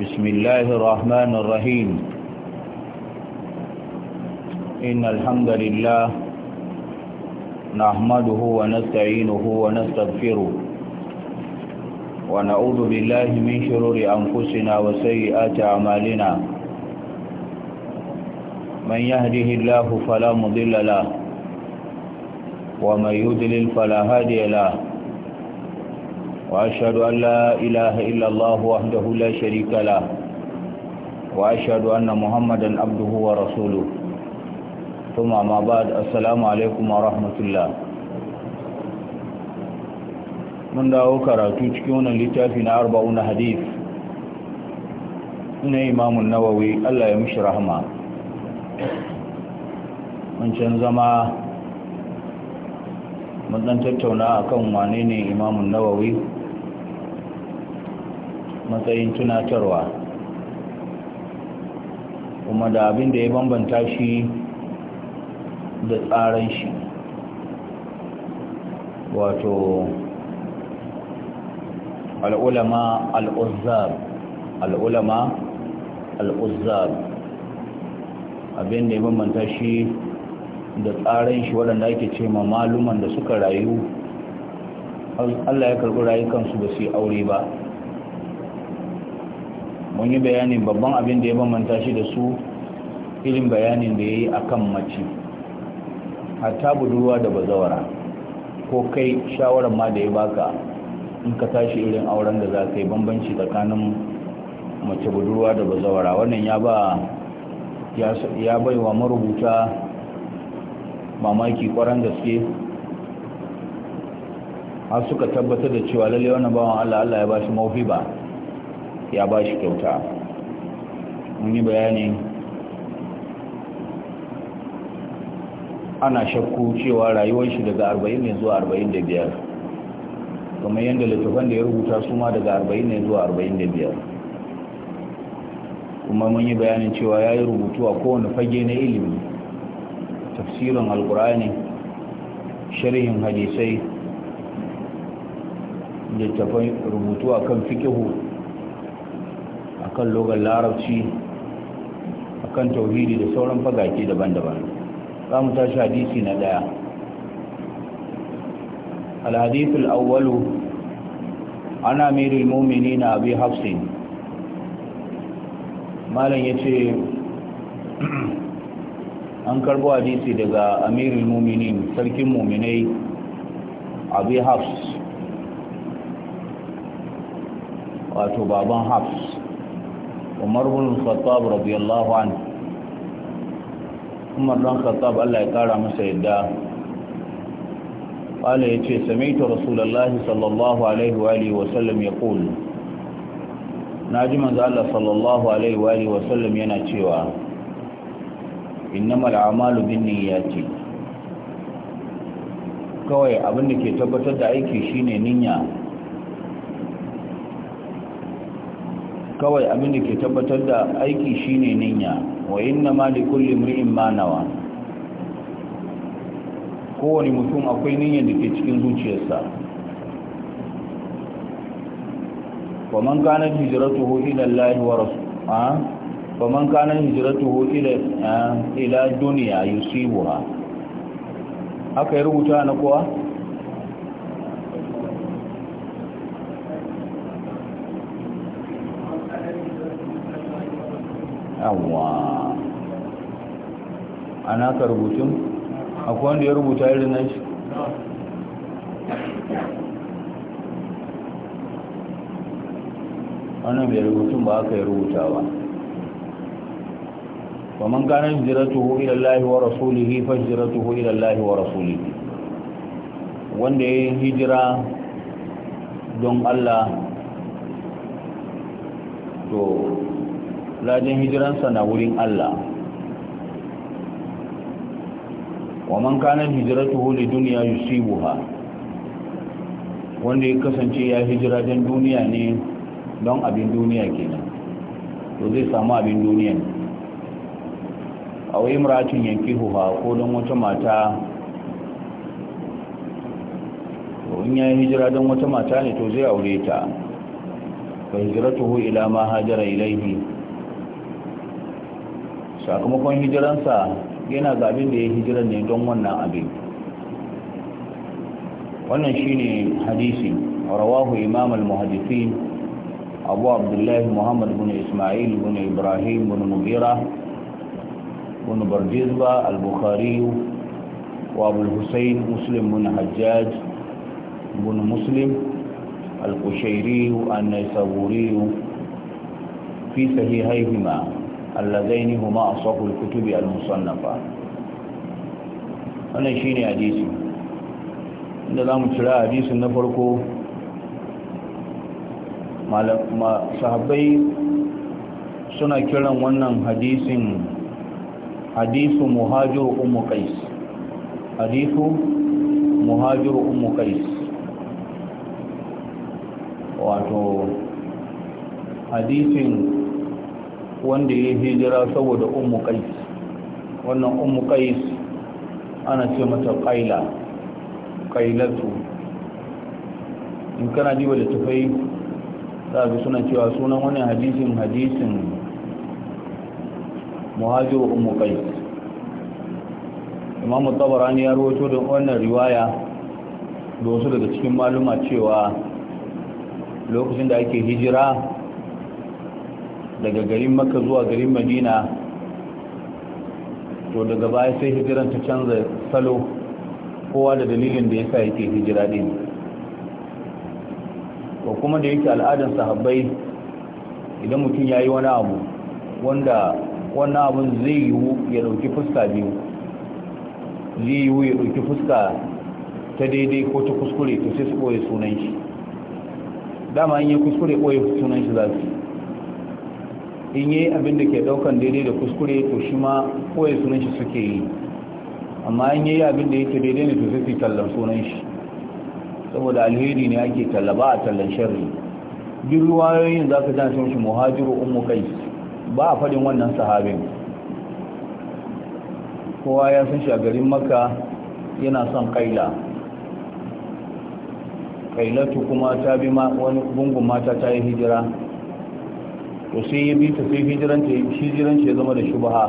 بسم الله الرحمن الرحيم إن الحمد لله نحمده ونستعينه ونستغفره ونعوذ بالله من شرور أنفسنا وسيئات أعمالنا من يهده الله فلا مضل له ومن يضلل فلا هادي له وأشهد أن لا إله إلا الله وحده لا شريك له وأشهد أن محمدا عبده ورسوله ثم ما بعد السلام عليكم ورحمة الله من دعوه كراتو تكون لتافنا أربعون حديث na imamun nawawi Allah ya mishi rahama mun can zama mun dan tattauna akan wane ne imamun nawawi matsayin tunatarwa kuma da abin da ya bambanta shi da tsaran shi wato al'ulama al'uzzab al'ulama al’uzzar abin da ya bambanta shi da tsaran shi waɗanda ake ce ma maluman da suka rayu Allah ya karɓi rayukansu ba su yi aure ba mun yi bayanin babban abin da ya bambanta shi da su irin bayanin da ya yi a kan mace hatta budurwa da bazawara ko kai shawarar ma da ya baka in ka tashi irin auren da za ka yi bambanci tsakanin mace budurwa da bazawara wannan ya ba ya bai wa marubuta mamaki kwaran gaske har suka tabbatar da cewa lalle wannan bawan Allah Allah ya ba shi ba. ya ba shi kyauta mun yi bayani ana shakku cewa rayuwar shi daga 40 ne zuwa 45 kamar yadda littafan da ya rubuta su ma daga 40 ne zuwa 45 kuma mun yi bayanin cewa ya yi rubutu a kowane fage na ilimi tafsirin alkurani sharhin hadisai littafan rubutu a kan fikihu akan logan larabci akan tauhidi da sauran fagake daban-daban za mu tashi hadisi na daya الحديث ana عن أمير المؤمنين أبي Malam ya ce an karbo hadisi daga amirul muminin sarkin muminai abi hafs wato baban hafs umar bin khattab radiyallahu anhu umar dan khattab Allah ya kara masa yadda qala yace sami'tu rasulullahi sallallahu alaihi wa alihi wa sallam yaqul naji manzo Allah sallallahu alaihi wa alihi wa sallam yana cewa innamal a'malu binniyati kawai abin da ke tabbatar da aiki shine niyya kawai abin da ke tabbatar da aiki shine niyya wa inna ma li kulli imri'in ma nawa kowane mutum akwai niyyar da ke cikin zuciyarsa wa man kana hijratuhu ila Allah wa rasul ah wa man kana hijratuhu ila ila dunya yusibuha aka rubuta na kuwa yawwa ana ka rubutun akwai wanda ya rubuta irin nan shi wannan bai rubutun ba aka yi rubuta ba ba man ومن كان هجرته إلى الله ورسوله فهجرته إلى wa ورسوله wanda ya yi hijira don Allah to lajin hijiransa na wurin Allah wa man kana hijratuhu li dunya yusibuha wanda ya kasance ya hijira don duniya ne don abin duniya kenan to zai samu abin duniya ne a wai muratun yanki huha ko don wata mata to in ya hijira don wata mata ne to zai aure ta fa hijratuhu ila ma hajara ilaihi sakamakon hijiransa yana ga abin da ya hijirar ne don wannan abin wannan shine hadisi rawahu imam al-muhaddisin abu abdullahi muhammad bin isma'il bin ibrahim bin mugira bin barjizba al-bukhari wa abu husayn muslim bin hajjaj bin muslim al-qushairi an-naisaburi fi sahihayhima allazaini huma asahul kutubi al-musannafa wannan shine hadisi inda zamu kira hadisin na farko malama sahabbai suna kiran wannan hadisin hadisu muhajiru ummu qais hadisu muhajir ummu qais wato hadisin wanda ya hijira saboda ummu qais wannan ummu qais ana ce mata qaila qailatu in kana jiba da tafai sabi suna cewa sunan wani hadisin hadisin muhajir ummu qais imamu tabarani ya rawato da wannan riwaya da wasu daga cikin maluma cewa lokacin da ake hijira daga garin makka zuwa garin madina to daga baya sai hijiran ta canza salo kowa da dalilin da ya sa yake hijira ɗin ko kuma da yake al'adar sahabbai idan mutum ya yi wani abu wanda wannan abun zai yiwu ya ɗauki fuska biyu zai yiwu ya ɗauki fuska ta daidai ko ta kuskure ta sai su ɓoye sunan shi dama an yi kuskure ɓoye sunan shi za su in yi abin da ke daukan daidai da kuskure to shi ma koya sunan shi suke yi amma in yi abin da yake daidai ne to zafi tallan sunan shi saboda alheri ne ake tallaba a tallan sharri duk ruwayoyin za ka jan sun shi muhajiru umu kai ba a faɗin wannan sahabin kowa ya san shi a garin maka yana son kaila kailatu kuma ta bi wani gungun mata ta yi hijira to sai ya bi ta sai hijiranta ya zama da shubha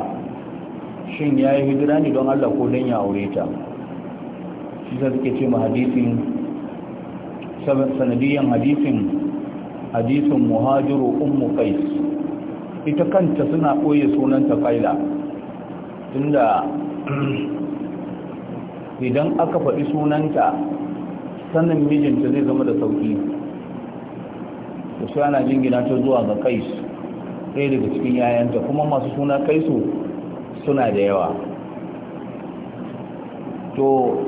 shin ya yi hijira ne don Allah ko don ya aure ta shi sai suke ce ma hadisin sanadiyan hadisin hadisin muhajiru ummu qais ita kanta suna koye sunanta kaila tunda idan aka faɗi sunanta sanin mijinta zai zama da sauki to sai ana jingina ta zuwa ga kais ɗaya daga cikin yayanta kuma masu suna kai su suna da yawa to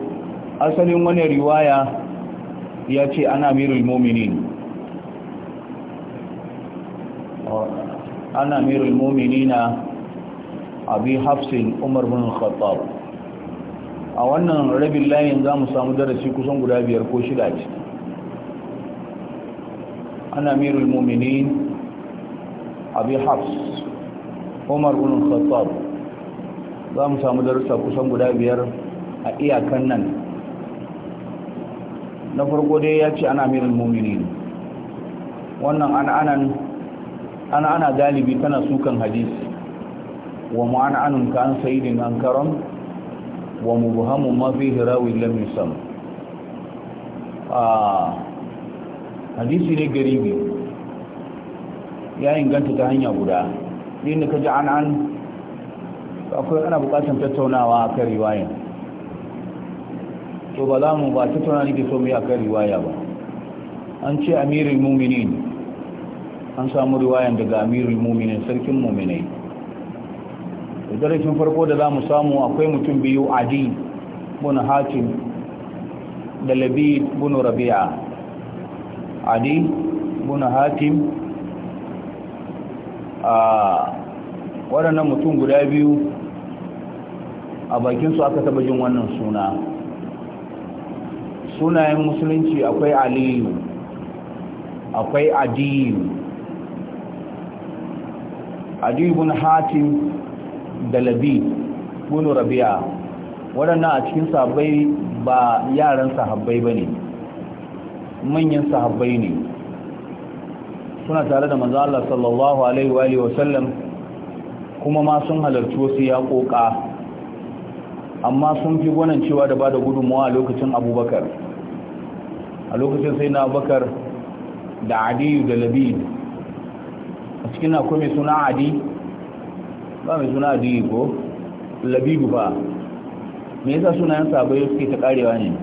asalin wani riwaya ya ce ana mirul mominin ana mirul mominina abi hafsin umar bin khattab a wannan rabin layin za mu samu darasi kusan guda biyar ko shida ce ana mirul mominin abi hafs umar ibn khattab za mu samu darussa kusan guda biyar a iyakan nan na farko dai ya ce ana mirin mummini. wannan ana'anan ana galibi tana sukan hadisi wa ma'ana'anun ka an sayidin an karon wa mubuhamun mafi hirawi lamin sam ah, hadisi ne garibi ya inganta ta hanya guda Ni da ka ji an an akwai ana bukatar tattaunawa a kan riwaya to ba za mu ba tattauna ne ke so mu yi a kan riwaya ba an ce amirin muminin an samu riwayan daga amirin muminin sarkin muminai Da darasin farko da za mu samu akwai mutum biyu adi bin hatim da labid bin rabi'a adi bin hatim a waɗannan mutum guda biyu a bakinsu aka taɓa jin wannan suna sunayen musulunci akwai aliyu akwai adiyu adiyu bin hatim da labi bunu rabia waɗannan a cikin sahabbai ba yaran sahabbai ba ne manyan sahabbai ne suna tare da manzo Allah sallallahu alaihi wa alihi wasallam kuma ma sun halarci wasu yaƙoƙa amma sun fi gwanin cewa da bada gudunmawa a lokacin Abubakar a lokacin sai na Abubakar da Adiyu da Labid a cikin akwai mai suna Adi ba mai suna Adi ko Labidu ba me yasa sunayen sabai suke ta karewa ne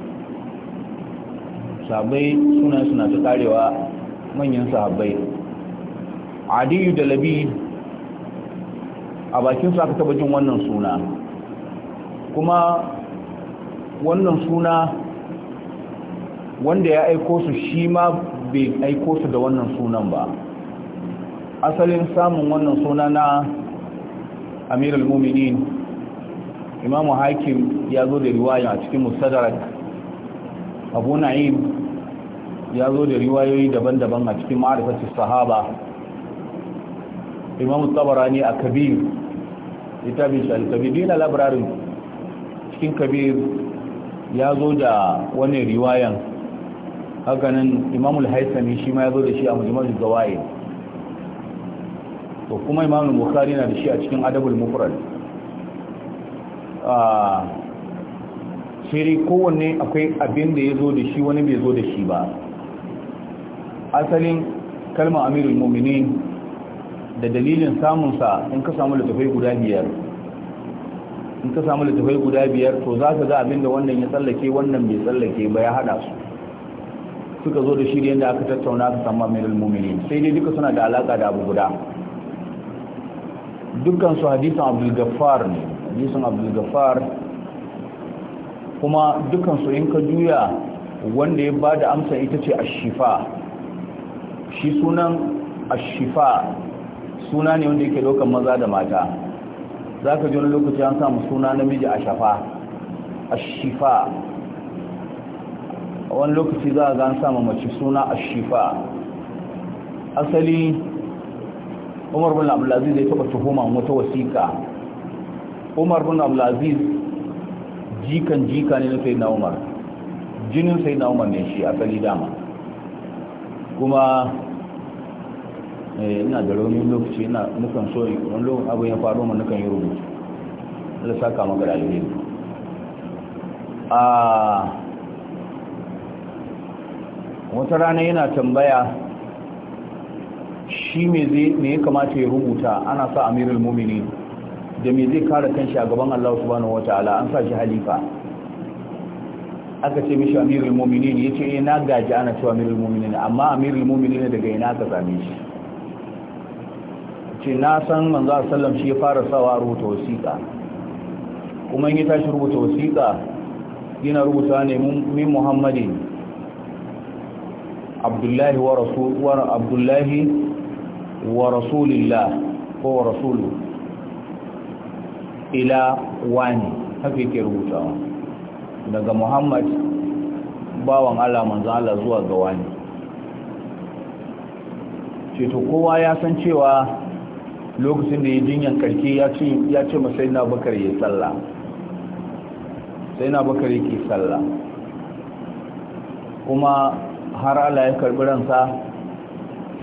sabai sunayen suna ta karewa manyan sahabbai adiyu da labi a bakinsu aka taba jin wannan suna kuma wannan suna wanda ya aiko su shi ma bai aiko su da wannan sunan ba asalin samun wannan suna na amir al-muminin imamu hakim ya zo da riwaya a cikin musadarak abu na'im ya zo da riwayoyi daban-daban a cikin ma'arifatun sahaba imam tabarani a kabir littafin shi al-kabir din al cikin kabir ya zo da wani riwayan hakanan imam al-haisami shi ma ya zo da shi a mujmal zawaid to kuma imamul bukari na da shi a cikin adabul mufrad a ah, shiri kowanne akwai abin da ya zo da shi wani bai zo da shi ba asalin kalmar amirul mu'minin da dalilin samunsa in ka samu littafai guda biyar in ka samu littafai guda biyar to za ka ga abinda wannan ya tsallake wannan bai tsallake ba ya hada su suka zo da shirya da aka tattauna ka samu amirul mumini sai dai duka suna da alaka da abu guda dukkan su hadisan abdul gafar ne hadisan abdul gafar kuma dukkan su in ka juya wanda ya ba da amsa ita ce ashifa shi sunan ashifa suna ne wanda yake lokacin maza da mata za ka ji wani lokaci an samu suna namiji a shafa a shifa wani lokaci za a ga an samu mace suna a shifa asali umar bin abdulaziz zai taba tuhuma wata wasiƙa umar bin abdulaziz jikan jika ne na sai na umar jinin sai na umar ne shi asali dama kuma Eh, ina da rauni lokaci ina nukan so wani lokacin abu ya faru mun nukan yi rubutu da saka maka da alheri a ah, wata rana yana tambaya shi me zai ya kamata ya rubuta ana sa amirul mumini da me zai kare kanshi a gaban Allah subhanahu ta'ala an sa shi halifa aka ce mishi amirul ne ya ce eh, na gaji ana cewa amirul ne amma amirul ne daga ina aka same shi ce na san manzo sallam shi ya fara sawa rubuta wasiƙa kuma in ya tashi rubuta wasiƙa yana rubuta ne min muhammadi abdullahi wa rasulillah ko wa rasulu ila wani haka yake rubutawa daga muhammad bawan Allah manzo Allah zuwa ga wani ce to kowa ya san cewa lokacin da ya jinyan yankarki ya ce sai na bakar ya tsalla sai na bakar ya ke tsalla kuma har ala ya karbi ransa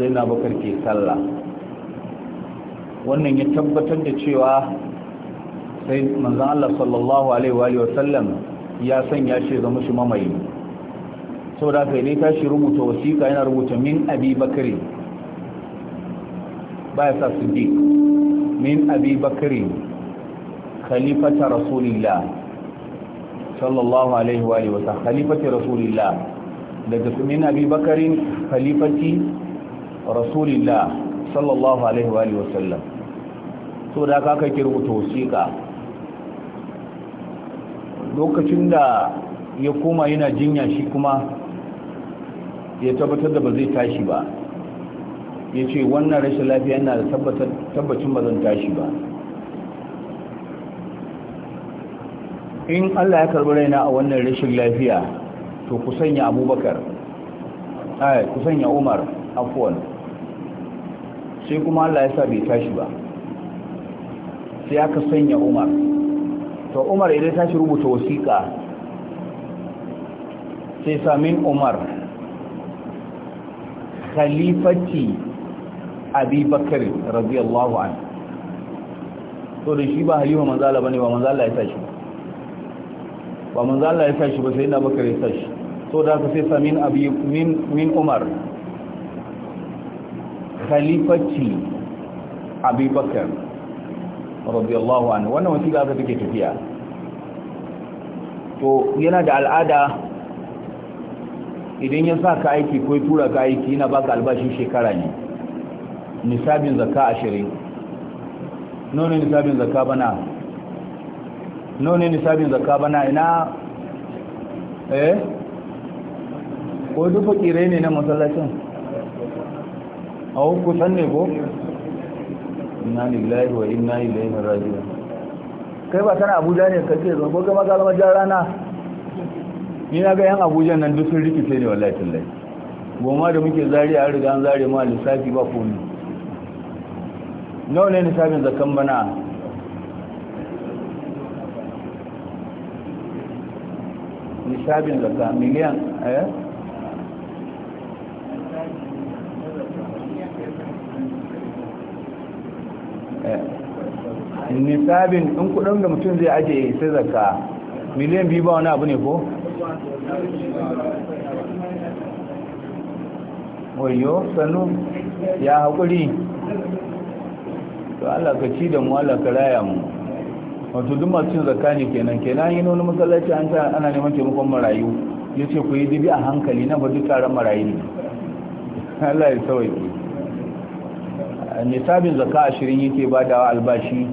sai na bakar ke tsalla wannan ya tabbatar da cewa sai manzan Allah sallallahu Alaihi wasallam ya sanya shi zama shi mamaye saboda ka yi tashi rubuta wasiƙa yana rubuta min abi bakari baya sa su je min abi bakri khalifata rasulillah sallallahu alaihi wa alihi wasallam khalifati rasulillah daga min abi bakri khalifati rasulillah sallallahu alaihi wa alihi wasallam so da kaka kirbuta wasiƙa lokacin da ya koma yana jinya shi kuma ya tabbatar da ba zai tashi ba ya ce wannan rashin lafiya yana da tabbacin ba zan tashi ba in allah ya karbi raina a wannan rashin lafiya to ku sanya abubakar ay ku sanya umar afuwan sai kuma allah ya sa bai tashi ba sai aka sanya umar to umar idan tashi rubuta wasiƙa sai samin umar khalifati abi bakari radiyallahu an to da shi ba halima manzala bane ba manzala ya tashi ba manzala ya tashi ba sai na bakari ya tashi to da ka sai samin abi min min umar khalifati abi bakari radiyallahu an wannan wasiƙa aka take tafiya to yana da al'ada idan ya sa ka aiki ko tura ka aiki yana baka albashin shekara ne nisabin zakka ashirin nune nisabin zakka bana nune nisabin zakka bana ina eh ko duk fakirai ne na masallacin a hukusan ne ko inna lillahi wa inna ilaihi raji'un kai ba kana abuja ne kace zo ko ga makalama jan rana ni na ga yan abuja nan duk sun rikice ne wallahi tallahi goma da muke zari a riga an zare ma lissafi ba komai nawa ne nisabin zakan bana nisabin zaka miliyan eh? eh nisabin in kudin da mutum zai ajiye sai zaka miliyan biyu ba wani abu ne ko? wayo sannu ya haƙuri to Allah ka ci da mu Allah ka raya mu wato duk masu cin zakani ne kenan kenan yin wani masallaci an ta ana neman taimakon marayu ya ce ku yi dibi a hankali na bari taron marayu ne Allah ya sauki nisabin zakka ashirin yake badawa albashi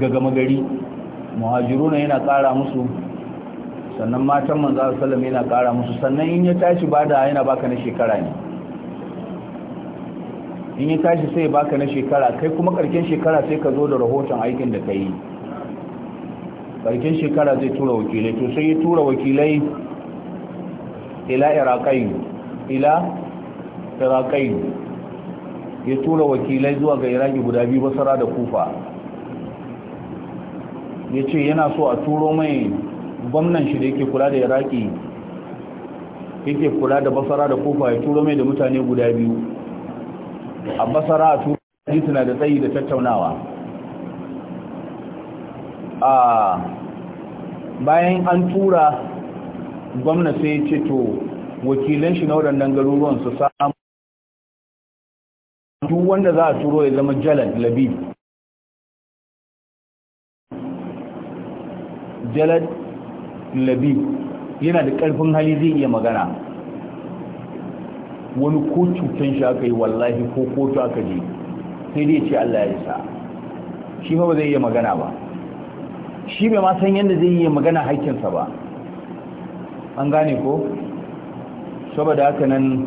ga gama gari muhajiruna yana kara musu sannan matan manzo sallallahu alaihi wasallam yana kara musu sannan in ya tashi bada yana baka na shekara ne in ya tashi sai baka na shekara kai kuma karken shekara sai ka zo da rahoton aikin da ka yi karken shekara zai tura wakilai to sai ya tura wakilai ila iraqai ila iraqain ya tura wakilai zuwa ga iraki guda biyu basara da kufa ya ce yana so a turo mai gwamnan shi da yake kula da iraki yake kula da basara da kufa ya turo mai da mutane guda biyu a basara a turai suna da tsayi da tattaunawa a bayan an tura gwamna sai ce to wakilan shi na waɗannan garuruwan su samu duk wanda za a turo ya zama jalad labi jalad labib yana da ƙarfin hali zai iya magana wani ko cutan shi aka yi wallahi ko kotu aka je sai dai ce Allah ya sa shi ba zai iya magana ba shi bai ma san yadda zai yi magana haƙƙinsa ba an gane ko saboda haka nan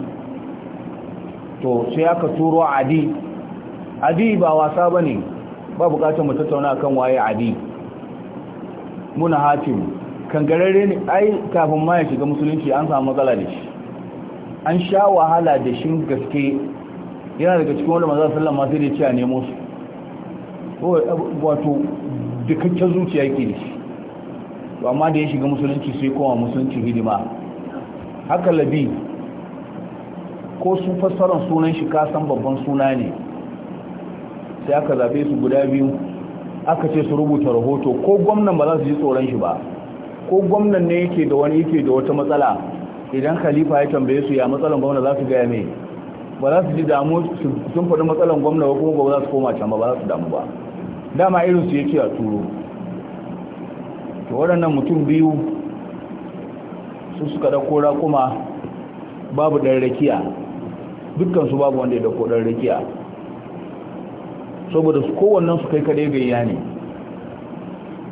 to sai aka turo adi adi ba wasa ba ne ba bukatar mu tattauna kan waye adi muna hatim kangararre ne ai kafin ma ya shiga musulunci an samu matsala da shi an sha wahala da shi gaske yana daga cikin wanda maza sallan masu wasallam cewa nemo su wato dukkan zuciya yake da shi to amma da ya shiga musulunci sai koma musulunci hidima haka labi ko su fassara sunan shi kasan babban suna ne sai aka zabe su guda biyu aka ce su rubuta rahoto ko gwamnan ba za su ji tsoron shi ba ko gwamnan ne yake da wani yake da wata matsala idan khalifa ya tambaye su ya matsalan gwamna za su gaya mai ba za su ji damu sun faɗi matsalan gwamna ba kuma ba za su koma can ba ba za su damu ba dama irin su yake a turo to waɗannan mutum biyu su suka ɗauko raƙuma babu ɗan rakiya dukkan su babu wanda ya ɗauko ɗan rakiya saboda su kowannen su kai kadai gayya ne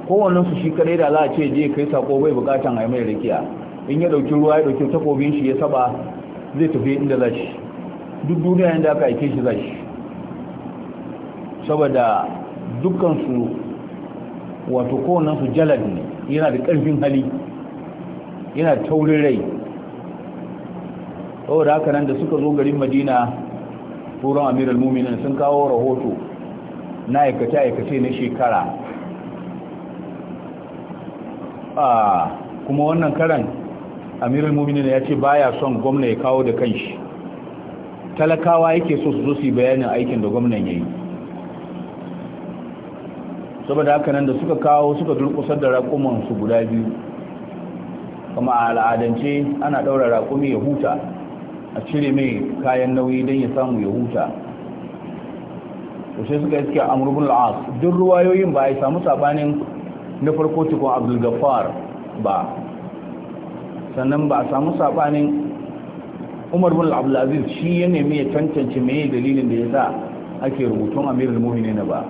kowannen su shi kadai da za a ce je kai sako bai bukatan a yi mai rakiya in ya dauki ruwa ya dauki takobin shi ya saba zai tafi inda za shi duk duniya inda aka aike shi za shi saboda dukkansu wato kowannensu jalad ne yana da ƙarfin hali yana taurin rai saboda haka nan da suka zo garin madina turon amiral muminin sun kawo rahoto na aikace-aikace na shekara a ah, kuma wannan karan amirul muminin ya ce baya son gwamna ya kawo da kanshi talakawa yake so su zo su yi bayanin aikin da gwamnan ya yi saboda haka nan da suka kawo suka durkusar da raƙumansu guda biyu kuma a al'adance ana ɗaura raƙumi ya huta a cire mai kayan nauyi don ya samu ya huta sai suka iske amurbin al'as duk ruwayoyin ba a samu sabanin na farko tukun abdulgafar ba sannan ba a samu sabanin umar bin abdulaziz shi ya nemi ya tantance meye dalilin da ya sa ake rubutun amirul mu'minin ba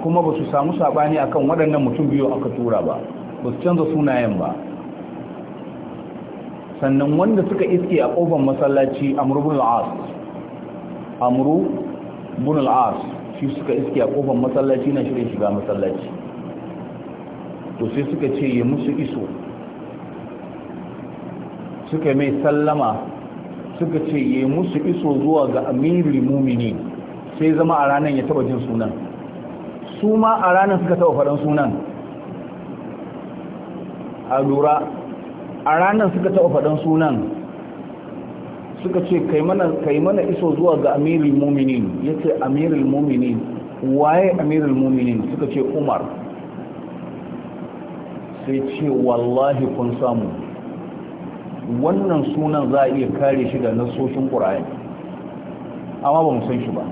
kuma ba su samu sabani kan waɗannan mutum biyu aka tura ba ba su canza sunayen ba sannan wanda suka iske a ƙofar masallaci amuru bin al’as shi suka iske a ƙofar masallaci na shirin shiga masallaci to sai suka ce ya musu iso suka mai sallama suka ce yi musu iso zuwa ga amirul mumini sai zama a ranar ya taba jin sunan su ma a ranar suka taba faɗin sunan a lura a ranar suka taba faɗin sunan suka ce kai mana iso zuwa ga amirul mumini ya ce amirul mumini waye amirul mumini suka ce umar sai ce wallahi kun samu wannan sunan za a iya kare shi da nasoshin ƙura'ani amma ba mu san shi ba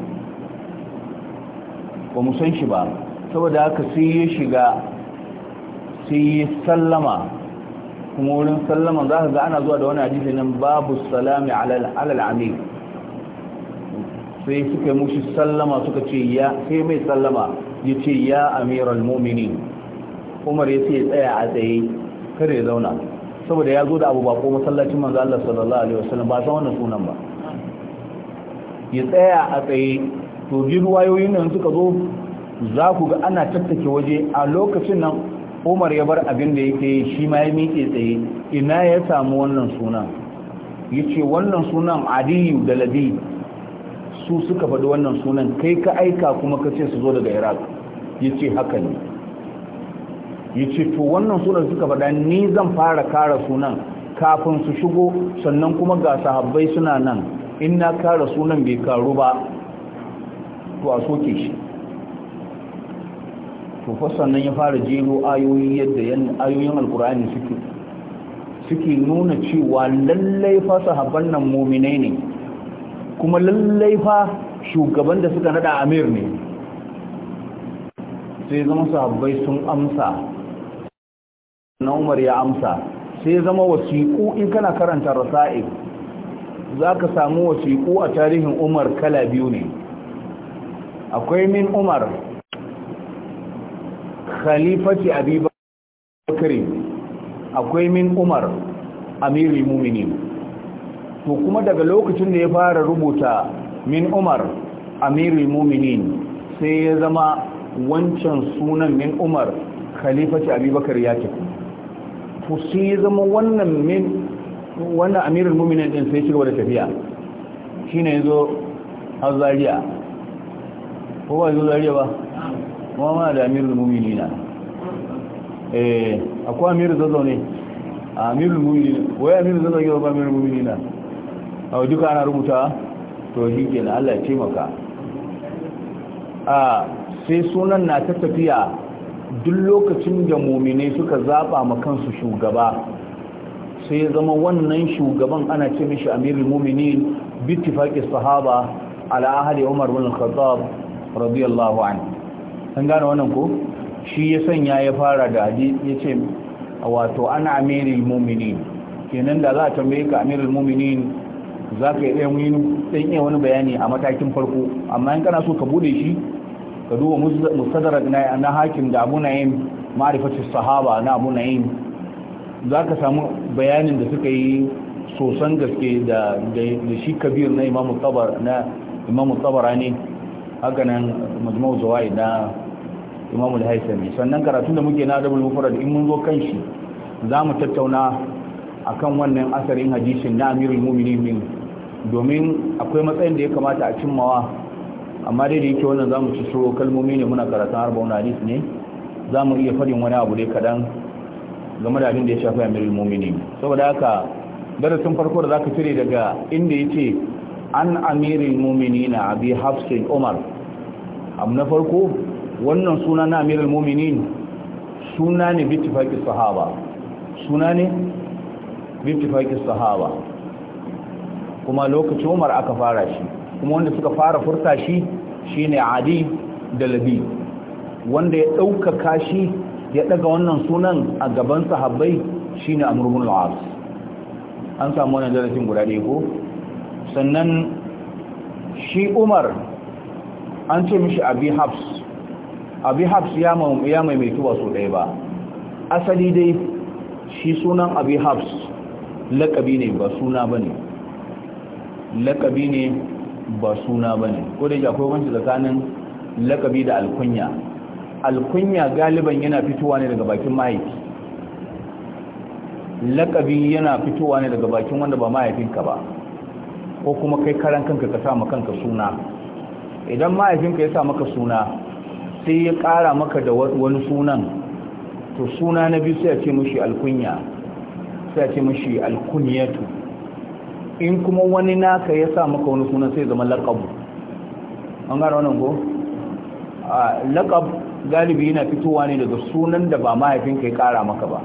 ba mu san shi ba saboda haka sai ya shiga sai ya sallama kuma wurin sallama za ka ga ana zuwa da wani hadisi nan babu salami alal amir sai suka yi mushi sallama suka ce ya sai mai sallama ya ce ya amiral mumini umar ya ce tsaya a tsaye kare zauna saboda ya zo da abu bako masallacin manzo Allah sallallahu alaihi wasallam ba san wannan sunan ba ya tsaya a tsaye to bi ruwayoyin nan suka zo za ku ga ana tattake waje a lokacin nan Umar ya bar abin da yake shi ma ya miƙe tsaye ina ya samu wannan sunan yace wannan sunan Adiyu da Labi su suka faɗi wannan sunan kai ka aika kuma ka ce su zo daga Iraq yace haka ne ya to wannan sunan suka faɗa ni zan fara kara sunan kafin su shigo sannan kuma ga sahabbai suna nan in na kara sunan bai karu ba to a soke shi to fa ya fara jero ayoyi yadda ayoyin alkur'ani suke suke nuna cewa lallai fa sahabban nan muminai ne kuma lallai fa shugaban da suka nada amir ne sai zama sahabbai sun amsa na umar ya amsa sai zama wasiƙu in kana karanta rasa'i za ka samu wasiƙu a tarihin umar kala biyu ne akwai min umar khalifati abubakari akwai min umar amiri mumini to kuma daga lokacin da ya fara rubuta min umar amiri mumini sai ya zama wancan sunan min umar khalifati abubakar ya ku. to sai ya zama wannan min wannan amirul mu'minin din sai shiga da tafiya shine a zariya ko ba yazo zariya ba kuma mana da amirul mu'minina eh akwai amirul zazzone amirul mu'minin wai amirul zazzone ba amirul mu'minina a duka ana rubuta to shi na Allah ya taimaka a sai sunan na ta tafiya duk lokacin da muminai suka zaba ma kansu shugaba sai ya zama wannan shugaban ana ce mishi amirul muminin bittifaqi sahaba ala ahli umar bin al-khattab radiyallahu anhu an gane wannan ko shi ya sanya ya fara da hadisi yace wato ana amirul muminin kenan da za a tambaye ka amirul muminin zaka yi dan wani bayani a matakin farko amma in kana so ka bude shi ka duba musadara na hakim da abu na'im ma'arifacin sahaba na abu na'im ka samu bayanin da suka yi sosan gaske da shi kabir na imamu tabar na imamu haka nan majmau zawai na imamu haisar ne sannan karatun da muke na dabul mufrad in mun zo kan shi mu tattauna a kan wannan asarin hadisin na amirul mu'minin domin akwai matsayin da ya kamata a cimmawa amma dai da yake wannan zamu ci shiro kalmomi ne muna karatun wani hadis ne mu iya faɗin wani abu dai kadan game da abin da ya shafi amirul ne saboda haka darasin farko da za ka cire daga inda yace an amirul na abi hafsin umar abu na farko wannan suna na amirul ne suna ne tufaƙi sahaba suna ne tufaƙi sahaba kuma lokacin umar aka fara shi kuma wanda suka fara furta shi shi shine adi da labi wanda ya ɗaukaka shi ya ɗaga wannan sunan a gaban sahabbai shine ne Amurbin an samu wannan darasin guda ɗaya ko sannan shi umar an ce mishi abi habs abi habs ya maimaitu ba so ɗaya ba asali dai shi sunan abi habs laƙabi ne ba suna ba ne laƙabi ne ba suna ba ne ko da akwai wancan tsakanin lakabi da alkunya alkunya galiban yana fitowa ne daga bakin mahaifi lakabi yana fitowa ne daga bakin wanda ba mahaifinka ba ko kuma kai karan kanka ka sa kanka suna idan mahaifinka ya sa maka suna sai ya kara maka da wani sunan to suna na biyu sai a ce mushi alkunya sai a ce mashi alkunyatu in kuma wani naka ya sa maka wani suna sai zama laƙabu an gara wannan ko laƙab galibi yana fitowa ne daga sunan da ba mahaifinka ya ƙara maka ba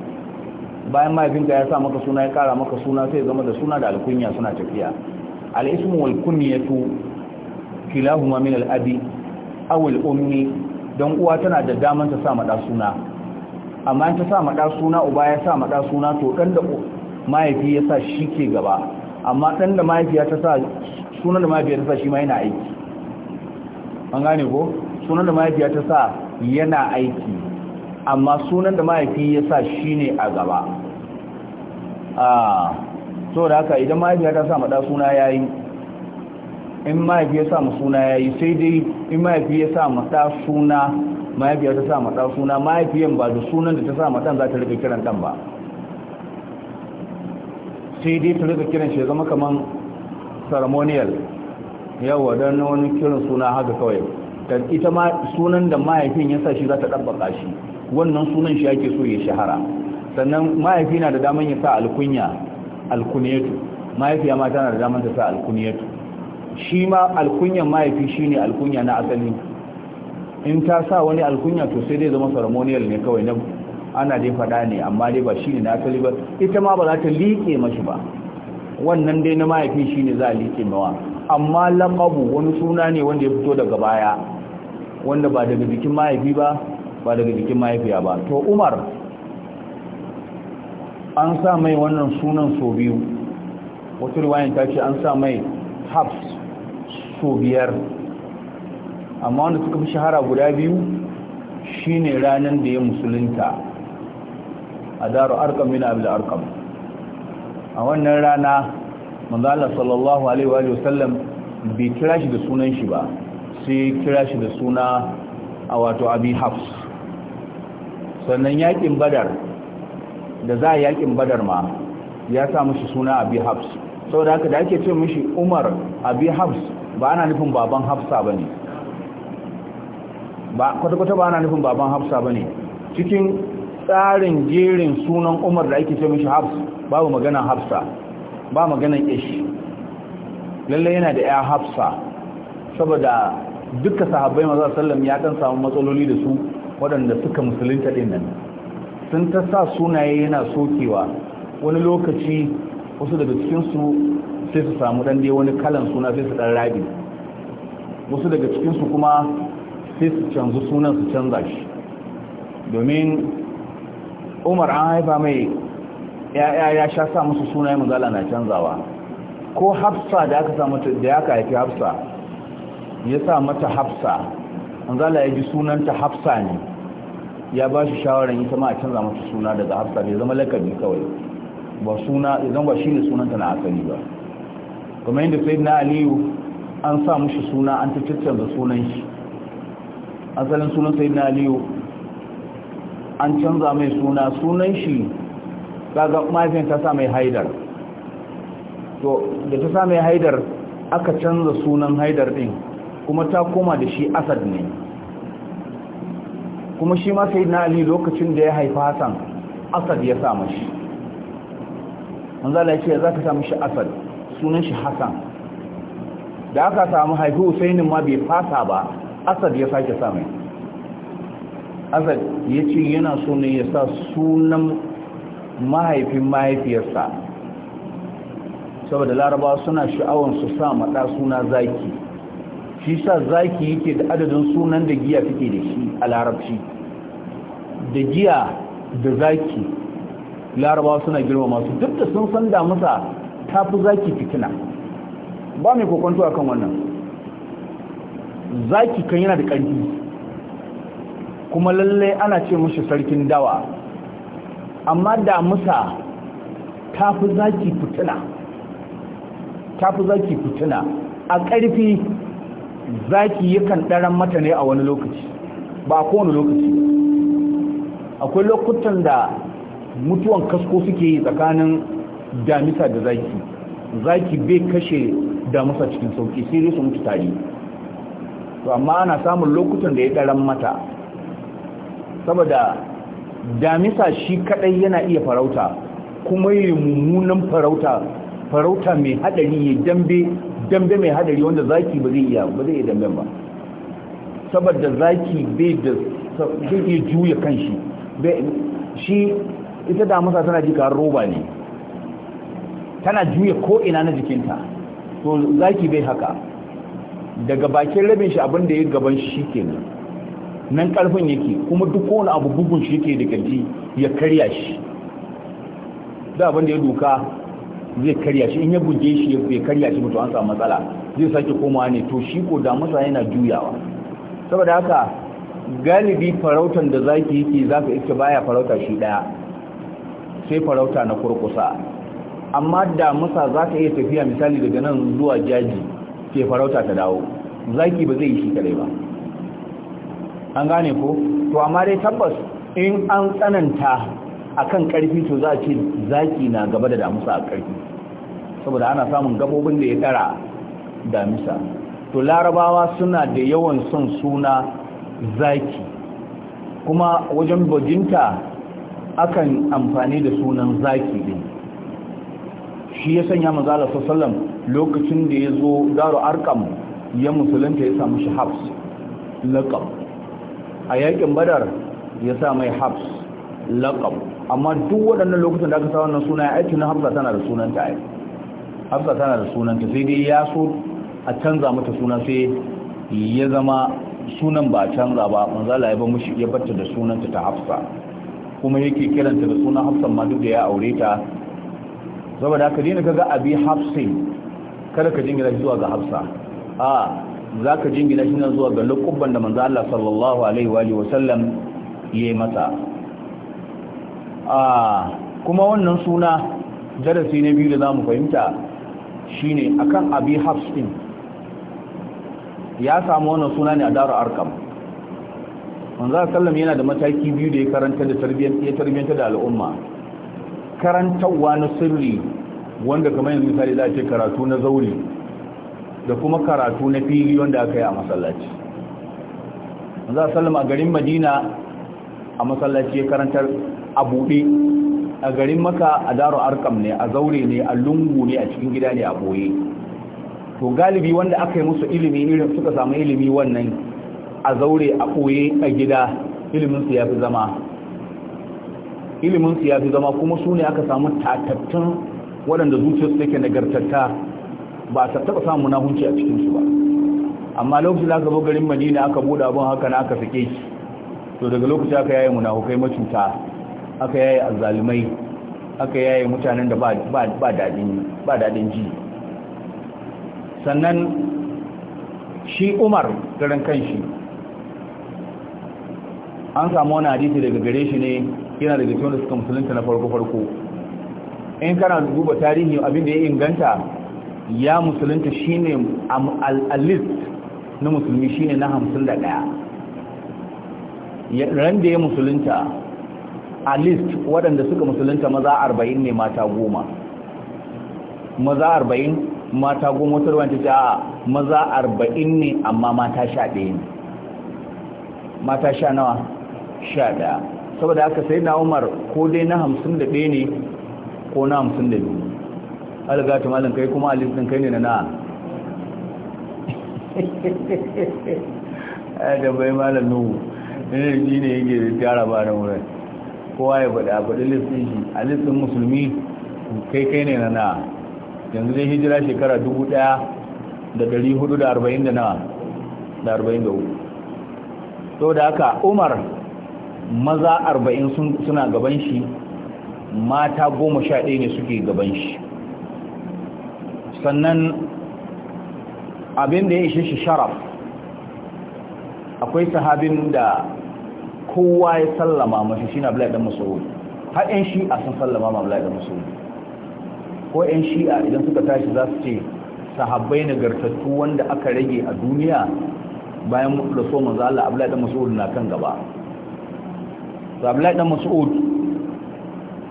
bayan mahaifinka ya sa maka suna ya ƙara maka suna sai zama da suna da alkunya suna tafiya al'ismu wal kunyatu kilahuma min al'abi aw al ummi don uwa tana da daman ta sa maɗa suna amma in ta sa maɗa suna uba ya sa maɗa suna to dan da mahaifi ya sa shi ke gaba amma ɗan da mahaifiya ta sa sunan da mahaifiya ta sa shi ma yana aiki an gane ko sunan da mahaifiya ta sa yana aiki amma sunan da mahaifi ya sa shi ne a gaba a so da haka idan mahaifiya ta sa maɗa suna ya yi in mahaifi ya sa ma suna ya yi sai dai in mahaifi ya sa maɗa suna mahaifiya ta sa maɗa suna mahaifiyan ba da sunan da ta sa maɗan za ta rika kiran ɗan ba sai dai ta kiran shi zama kaman ceremonial yawa don wani kiran suna haka kawai ita ma sunan da mahaifin ya sa shi za ta ɗabbaka shi wannan sunan shi ake so ya shahara sannan mahaifi na da daman ya sa alkunya alkuniyatu ya mata na da daman ta sa alkuniyatu shi ma alkunyan mahaifi shine alkunya na asali in ta sa wani alkunya to sai dai zama ceremonial ne kawai na ana dai faɗa ne amma dai ba shi ne na asali ba ita ma ba za ta liƙe mashi ba wannan dai na mahaifin shi ne za a liƙe mawa amma laƙabu wani suna ne wanda ya fito daga baya wanda ba daga jikin mahaifi ba ba daga jikin mahaifiya ba to umar an sa mai wannan sunan so biyu wata riwayan ta ce an sa mai habs so biyar amma wanda suka fi shahara guda biyu shine ranar da ya musulunta a daru arkam bin abu arkam a wannan rana manzala sallallahu alaihi wa sallam bai kira shi da sunan shi ba sai kira shi da suna a wato abi hafs sannan yakin badar da za a yakin badar ma ya sa mashi suna abi hafs sau da haka da ake ce mashi umar abi hafs ba ana nufin baban hafsa ba ne kwata-kwata ba ana nufin baban hafsa ba ne cikin tsarin jerin sunan umar da ake ce mishi Habs babu maganan hafsa ba maganan ish lallai yana da ya hafsa saboda duka sahabbai maza sallam ya kan samu matsaloli da su waɗanda suka musulunta ɗin nan sun ta sa sunaye yana sokewa wani lokaci wasu daga cikinsu sai su samu ɗan dai wani kalan suna sai su ɗan rabi wasu daga cikinsu kuma sai su canzu sunan su canza shi domin umar an haifa mai ya sha sa musu sunayen mazala na canzawa ko hafsa da aka samu da ya ka haifi hafsa ya sa mata hafsa mazala ya ji sunanta hafsa ne ya ba shi shawarar yi sama a canza mata suna daga hafsa bai zama lakabi kawai ba suna idan ba shi ne sunanta na asali ba kuma yadda sai na aliyu an sa mushi suna an ta canza sunan shi asalin sunan sai na aliyu an canza mai suna sunan shi daga mafin ta sa mai haidar to da ta sa mai haidar aka canza sunan haidar din kuma ta koma da shi asad ne kuma shi ma sai na ali lokacin da ya haifa hasan asad ya samu shi manzala ya ce za ka sami shi asad sunan shi hasan da aka samu haifi husainin ma bai fasa ba asad ya sake sami. shi asad ya ce yana so ne ya sa sunan mahaifin mahaifiyarsa saboda Larabawa suna sha'awar su sa maɗa suna zaki shi sa zaki yake da adadin sunan da giya take da shi a larabci da giya da zaki Larabawa suna girmama su duk da sun san damusa ta fi zaki fitina ba mai kokonto kan wannan zaki kan yana da ƙarfi kuma lalle ana ce mushi sarkin dawa amma damisa ta fi zaki fituna ta zaki fituna a ƙarfi zaki yakan ɗaran mata ne a wani lokaci ba a kowane lokaci akwai lokutan da mutuwan kasko suke yi tsakanin damisa da zaki zaki bai kashe damisa cikin sauki sai su mutu tare to amma ana samun lokutan da ya ɗaran mata saboda damisa shi kadai yana iya farauta kuma yi mummunan farauta farauta mai hadari ya dambe dambe mai hadari wanda zaki ba zai iya ba zai iya damben ba saboda zaki bai da zai iya juya kanshi shi ita damisa tana jika roba ne tana juya ko ina na jikinta to zaki bai haka daga bakin rabin shi abin da ya gaban shi kenan nan karfin yake kuma duk kowane abu bugun shi yake da kirji ya karya shi da abin da ya doka zai karya shi in ya buge shi ya karya shi mutu an samu matsala zai sake komawa ne to shi ko da masa yana juyawa saboda haka galibi farautar da zaki yake zaka iske baya farauta shi daya sai farauta na kurkusa amma da masa za ta iya tafiya misali daga nan zuwa jaji ke farauta ta dawo zaki ba zai yi shi kadai ba an gane ko to amma dai tabbas in an tsananta akan karfi to za ce zaki na gaba da damusa a karfi saboda ana samun gabobin da ya tsara damisa to larabawa suna da yawan son suna zaki kuma wajen bajinta akan amfani da sunan zaki din shi ya sanya mazala sallam lokacin da ya zo garo arkam ya musulunta ya samu shi hafs a yankin badar ya sa mai hafs laqab amma duk waɗannan lokacin da aka sa wannan suna ya aiki na hafsa tana da sunanta ai hafsa tana da sunanta sai dai ya so a canza mata suna sai ya zama sunan ba a canza ba manzala ya ba mushi ya batta da sunanta ta hafsa kuma yake kiranta da sunan hafsa ma duk da ya aure ta saboda haka dina kaga abi hafsin kada ka jingina zuwa ga hafsa a za ka jingina shi na zuwa ga lukubban da manzan Allah sallallahu alaihi wa sallam ya yi masa kuma wannan suna darasi na biyu da za mu fahimta shi a akan abi hafsin ya samu wannan suna ne a daru arkam manzan sallam yana da mataki biyu da ya karanta da tarbiyyantar da al'umma karantawa na sirri wanda kamar yanzu misali za a ce karatu na zauri da kuma karatu na fili wanda aka yi a masallaci za sallama a garin madina a masallaci ya karantar a buɗe a garin maka a daro arkam ne a zaure ne a lungu ne a cikin gida ne a boye to galibi wanda aka yi musu ilimi irin suka samu ilimi wannan a zaure a boye a gida iliminsu ya fi zama iliminsu ya fi zama kuma su ne aka samu tatattun waɗanda zuciyarsu take nagartatta ba a taba samu hunci a cikinsu ba amma lokacin da aka zo garin madina aka buɗe abin haka na aka sake shi to daga lokacin aka yaye munafukai macuta aka yaye azzalumai aka yaye mutanen da ba daɗin ji sannan shi umar garin kanshi an samu wani hadisi daga gare shi ne yana daga cikin da suka musulunta na farko-farko in kana duba tarihi abin da ya inganta ya musulunta ne, a list na musulmi shi ne na 51 ran da ya musulunta a list waɗanda suka musulunta maza 40 ne mata goma. maza 40 mata goma wata ruwan ta ce maza 40 ne amma mata 11 ne mata sha nawa 11 saboda haka sai na umar ko dai na 51 ne ko na 52 alga ta malam kai kuma alif din kai ne na na ai da bai malam nuhu ne shi ne yake tara ba nan wurin kowa ya faɗa faɗi listin shi a listin musulmi kai kai ne na na yanzu zai hijira shekara dubu ɗaya da hudu da arba'in da na da arba'in da to da haka umar maza arba'in suna gaban shi mata goma sha ɗaya ne suke gaban shi sannan abin da ya ishe shi sharaf akwai sahabin da kowa ya sallama mashi shi na bulaɗin masauri har 'yan shi'a sun sallama ma bulaɗin masauri ko 'yan shi'a idan suka tashi za su ce sahabbai nagartattu wanda aka rage a duniya bayan da so manzo Allah Abdullahi dan Mas'ud na kan gaba Abdullahi dan Mas'ud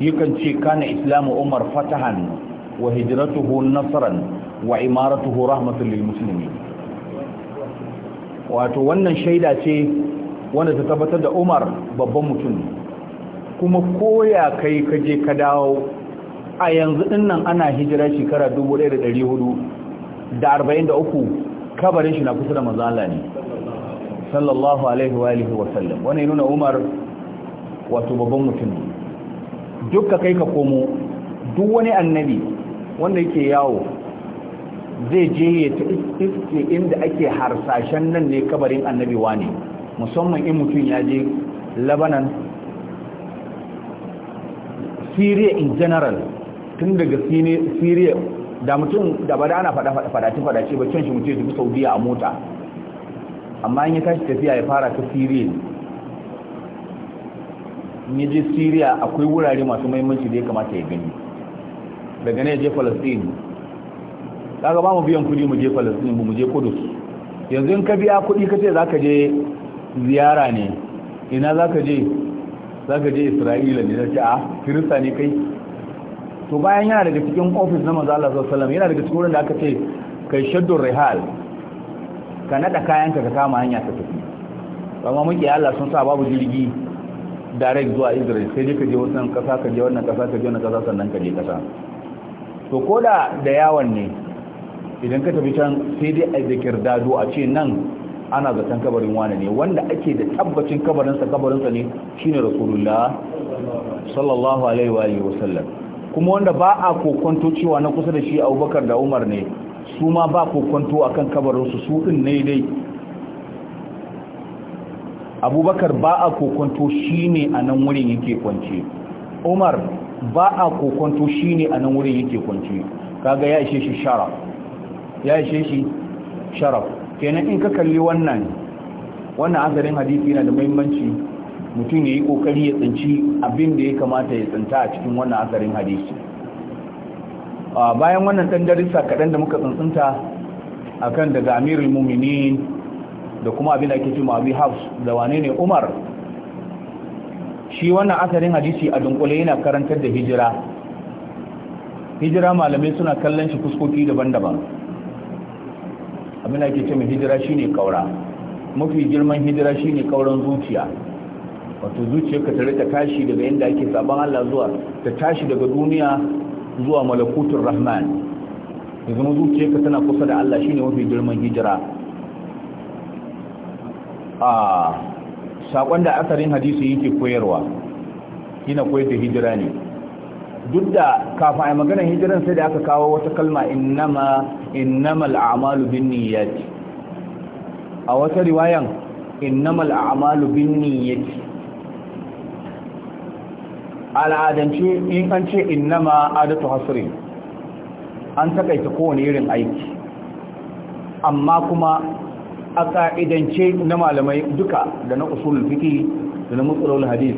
yakan ce kana islamu Umar fatahan wa hijratuhu nasaran wa imaratuhu rahmatul lil muslimin wato wannan shaida ce wanda ta tabbatar da Umar babban mutum kuma koya kai je ka dawo a yanzu dinnan ana hijira shekara 1443 kabarin shi na kusa da manzo ne sallallahu alaihi wa alihi wa sallam wannan nuna Umar wato babban mutum dukka kai ka komo duk wani annabi wanda yake yawo zai je ya ta iske inda ake harsashen nan ne kabarin annabi ne musamman in mutum ya je labanan syria in general tun daga syria da mutum da ba da ana fadace-fadace ba can shi mutum ya tafi saudiya a mota amma in ya tashi tafiya ya fara ta syria in ya je syria akwai wurare masu mahimmanci da ya kamata ya gani daga ne je falastin daga ba mu biyan kudi mu je falastin mu je kudus yanzu in ka biya kudi ka ce za ka je ziyara ne ina za ka je za ka je isra'ila ne zai ce a ah, kirista ne kai to bayan yana daga cikin ofis na manzo zuwa salam yana daga cikin wurin da aka ce kai shaddun rihal ka nada kayanka ka kama hanya ka tafi amma muke Allah sun sa babu jirgi direct zuwa Israel sai dai ka je wannan kasa ka je wannan kasa ka je wannan kasa sannan ka je kasa to ko da da yawon ne idan ka tafi can sai dai a zikir dado a ce nan ana zaton kabarin wani ne wanda ake da tabbacin kabarinsa kabarinsa ne shine rasulullah sallallahu alaihi wa alihi wasallam kuma wanda ba a kokonto cewa na kusa da shi abubakar da umar ne su ma ba kokonto akan kabarinsu su din ne dai abubakar ba a kokonto shi ne a nan wurin yake kwance umar ba a kokonto ne a nan wurin yake kwanci kaga ya ishe shi sharaf ya ishe shi sharaf kenan in ka kalli wannan wannan azarin hadisi yana da muhimmanci mutum ya yi kokari ya tsinci abin da ya kamata ya tsinta a cikin wannan azarin hadisi bayan wannan ɗan darisa kaɗan da muka tsintsinta akan daga amirul muminin da kuma abin da ake ce ma abi hafs da wane ne umar shi wannan asarin hadisi a dunkule yana karantar da hijira hijira malamai suna kallon shi fuskoki daban-daban abin da ke ce mai hijira shine kaura mafi girman hijira shine kauran zuciya wato zuciya ka tare ta tashi daga inda ake saban Allah zuwa ta tashi daga duniya zuwa malakutur rahman ya zama zuciyar ka tana kusa da Allah shine mafi girman hijira ah. Saƙon da asarin hadisi yake koyarwa ina koyar da hijira ne duk da kafin a maganar hijiran sai da aka kawo wata kalma innama innamal a'malu niyyati a wata riwayan innamal a'malu niyyati al'adance in an ce innama adatu hasiri, an takaita kowane irin aiki amma kuma a ƙa'idance na malamai duka da na usulul fiqh da na musalul hadith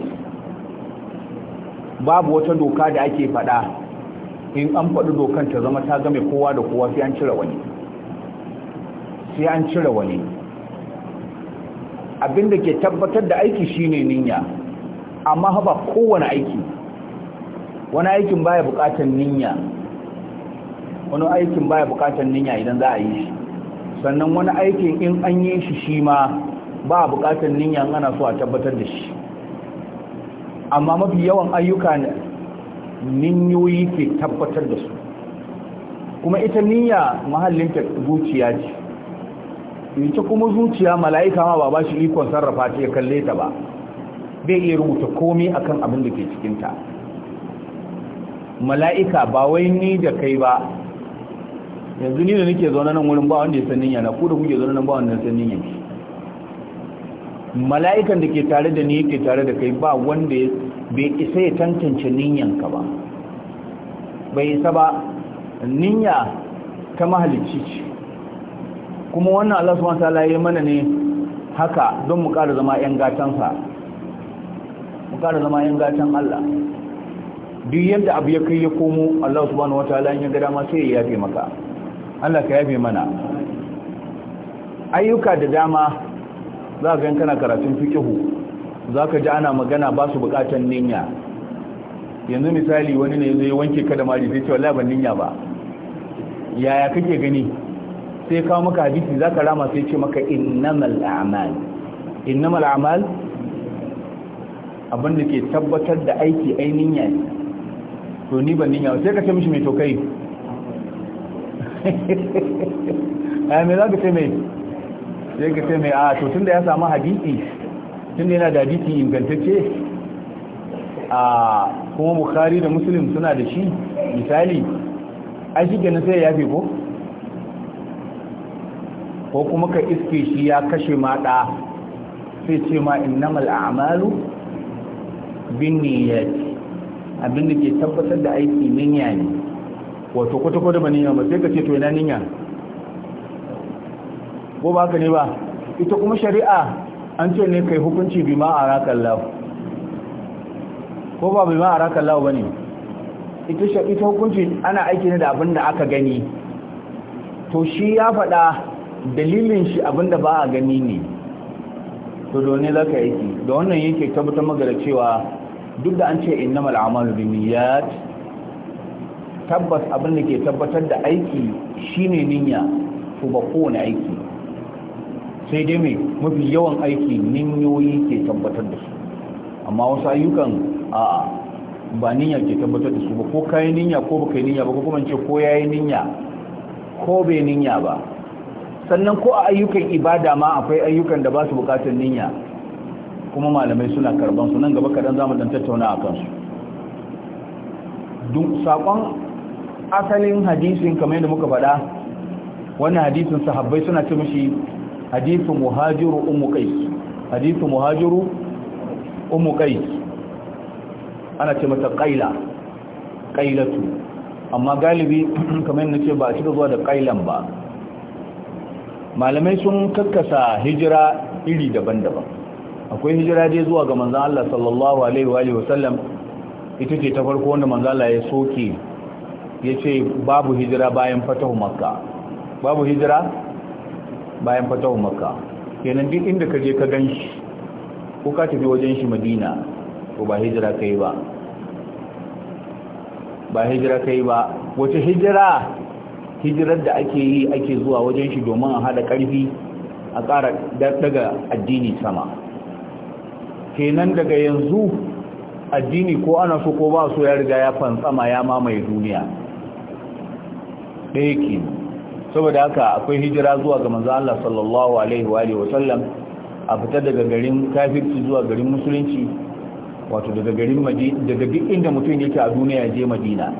babu wata doka da ake fada in an faɗi dokan ta zama ta game kowa da kowa sai an cire wani sai an cire wani abinda ke tabbatar da aiki shine niyya amma haba kowane aiki wani aikin baya bukatar ninya wani aikin baya buƙatar niyya idan za a yi shi sannan wani aikin in an yi shi shi ma ba a bukatar ninya ana so a tabbatar da shi amma mafi yawan ayyuka ninyoyi ke tabbatar da su kuma ita niyya ta zuciya ce ita kuma zuciya mala'ika ma ba ba shi ikon sarrafa ta ya kalle ta ba bai iya rubuta komai akan abin da ke cikinta mala'ika ba wai ni da kai ba yanzu ni da nake zaune nan wurin ba wanda ya sannin na ku da kuke zaune nan ba wanda ya san yana mala'ikan da ke tare da ni yake tare da kai ba wanda ya bai isa ya tantance ninyanka ba bai isa ba ninya ta mahalicci ce kuma wannan Allah subhanahu wataala ya mana ne haka don mu ƙara zama ƴan gatansa mu ƙara zama ƴan gatan Allah duk yadda abu ya kai ya komo Allah subhanahu wataala in ya ga dama sai ya yafe maka Allah ka yabe mana ayyuka da dama za ka kana karatun fikihu za ka ji ana magana ba su bukatan ninya yanzu misali wani ne zai wanke ka da mari sai ce wallahi ban ninya ba yaya kake gani sai kawo maka hadisi za ka rama sai ce maka innamal a'mal innamal a'mal abin da ke tabbatar da aiki ai ninya ne to ni ban ninya sai ka ce mishi mai to kai a eh, za ka ce mai sai ka ce mai a ah, to tun da ya samu hadisi tun da yana da hadisi ingantacce a kuma bukari da musulun suna da shi misali ai shi sai ya fi ko ko kuma ka iske shi ya kashe maɗa sai ce ma innamal a'malu bin niyyati abin da ke tabbatar da aiki niyya ne wato kwata-kwata ba niyya ba sai ka ce to ina niyya ko ba ka ne ba ita kuma shari'a an ce ne kai hukunci bi ma a rakan lau ko ba bi ma a rakan lau ba ne ita hukunci ana aiki ne da abin da aka gani to shi ya faɗa dalilin shi abin da ba a gani ne to dole za ka aiki da wannan yake tabbatar magana cewa duk da an ce innamal amalu bi niyyat tabbas abin da ke tabbatar da aiki shine niyya su ba kowane aiki sai dai mai mafi yawan aiki ninyoyi ke tabbatar da su amma wasu ayyukan a ba niyya ke tabbatar da su ba ko kayi niyya ko ba kai niyya ba ko kuma ce ko yi niyya ko bai niyya ba sannan ko a ayyukan ibada ma akwai ayyukan da ba su bukatar niyya kuma malamai suna karban su nan gaba kadan zamu dan tattauna akan su duk sakon asalin hadisin kamar yadda muka faɗa wannan hadisin sahabbai suna ce mishi hadisin muhajiru ummu qais hadisin muhajiru ummu qais ana ce mata qaila qailatu amma galibi kamar yadda ce ba a cika zuwa da qailan ba malamai sun kakkasa hijira iri daban-daban akwai hijira dai zuwa ga manzon Allah sallallahu alaihi wa sallam ita ce ta farko wanda manzon Allah ya soke ya ce babu hijira bayan fatahu makka babu hijira bayan fatahu makka kenan duk inda ka je ka gan shi ko ka tafi wajen shi madina ko ba hijira ka yi ba ba hijira ka yi ba wace hijira hijirar da ake yi ake zuwa wajen shi domin a hada karfi a ƙara daga addini sama kenan daga yanzu addini ko ana so ko ba so ya riga ya fantsama ya mamaye duniya ɗaya ke saboda haka akwai hijira zuwa ga manzo Allah sallallahu alaihi wa alihi wasallam a fita daga garin kafirci zuwa garin musulunci wato daga garin madina daga duk inda mutum yake a duniya je madina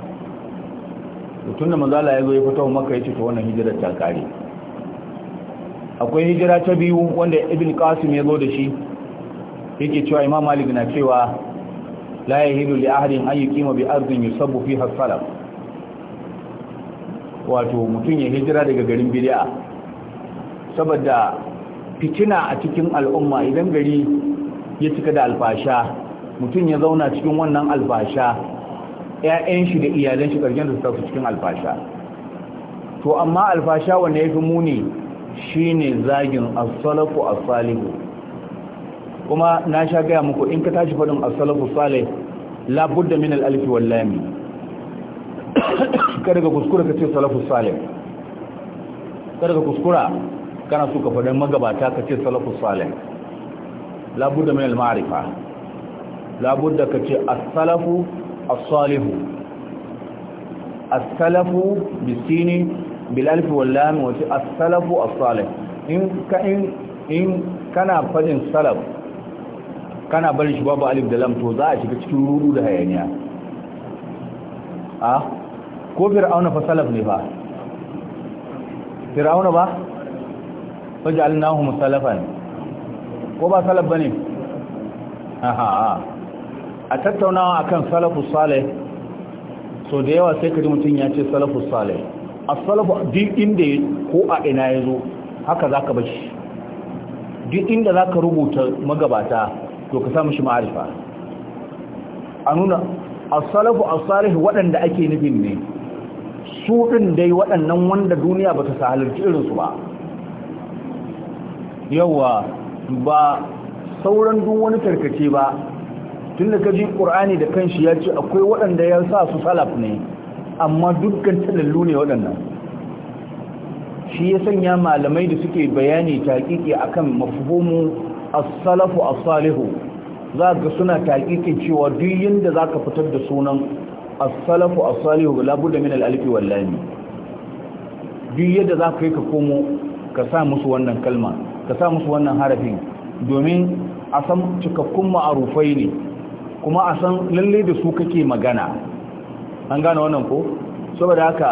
to tunda manzo Allah ya zo ya fito maka yace to wannan hijirar ta kare akwai hijira ta biyu wanda ibn qasim ya zo da shi yake cewa imam malik na cewa la yahilu li ahadin ayyukima bi ardin yusabbu fiha salaf wato mutum ya hijira daga garin bid'a saboda fitina a cikin al'umma idan gari ya cika da alfasha mutum ya zauna cikin wannan alfasha ƴaƴan shi da iyalan shi da su cikin alfasha to amma alfasha wanda yafi muni shine zagin asalafu asalihu kuma na sha gaya muku in ka tashi faɗin asalafu salih labudda min al-alfi kada ka kuskura ka ce salafus salih kada ka kuskura kana so ka faɗin magabata ka ce salafus salih labudda min al-ma'rifa labudda ka ce as-salafu as-salihu as-salafu bisini bil alif wal lam wa as-salafu as-salih in ka in in kana faɗin salaf kana barin shi babu alif da lam to za a shiga cikin rudu da hayaniya a ah? ko fir'auna fa salaf ne ba fir'auna ba faj'alnahum salafan ko ba salaf bane aha a tattaunawa akan Salafu salih so da yawa sai kaji mutun ya ce Salafu salih as-salafu duk inda ko a ina yazo haka zaka bashi duk inda zaka rubuta magabata to ka samu shi ma'arifa a nuna as-salafu as-salih waɗanda ake nufin ne su ɗin dai waɗannan wanda duniya ba ta halarci irinsu ba yawa ba sauran duk wani tarkace ba tun da kaji ƙur'ani da kanshi ya ce akwai waɗanda ya sa su salaf ne amma dukkan talallu ne waɗannan shi ya sanya malamai da suke bayani taƙiƙi akan mafuhomu as-salafu as-salihu za ga suna taƙiƙin cewa duk yanda za ka fitar da sunan as-salafu as-salihu la budda min al-alif wal duk yadda za ka yi ka komo ka sa musu wannan kalma ka sa musu wannan harafin domin a san cikakkun ma'arufai ne kuma a san lalle da su kake magana an gane wannan ko saboda haka